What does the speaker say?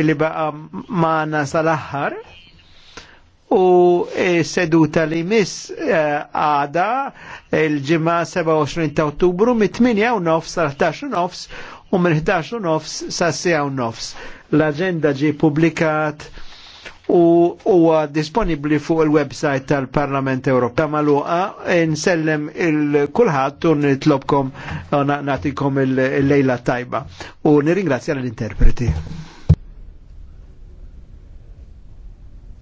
illi baqa maħna sal-axħar u e, seduta li mis e, għada il-ġimma 27 ta' ottubru mit-8 u nofs sal 11 nofs u mit 11 nofs sal 6 nofs. L-agenda ġi publikat huwa disponibbli fuq il-website tal-Parlament Ewropew. Maluqa nsellem il-kulħadd u nitlobkom nagħtikom il-lejla tajba. U nirringrazzja l-interpreti.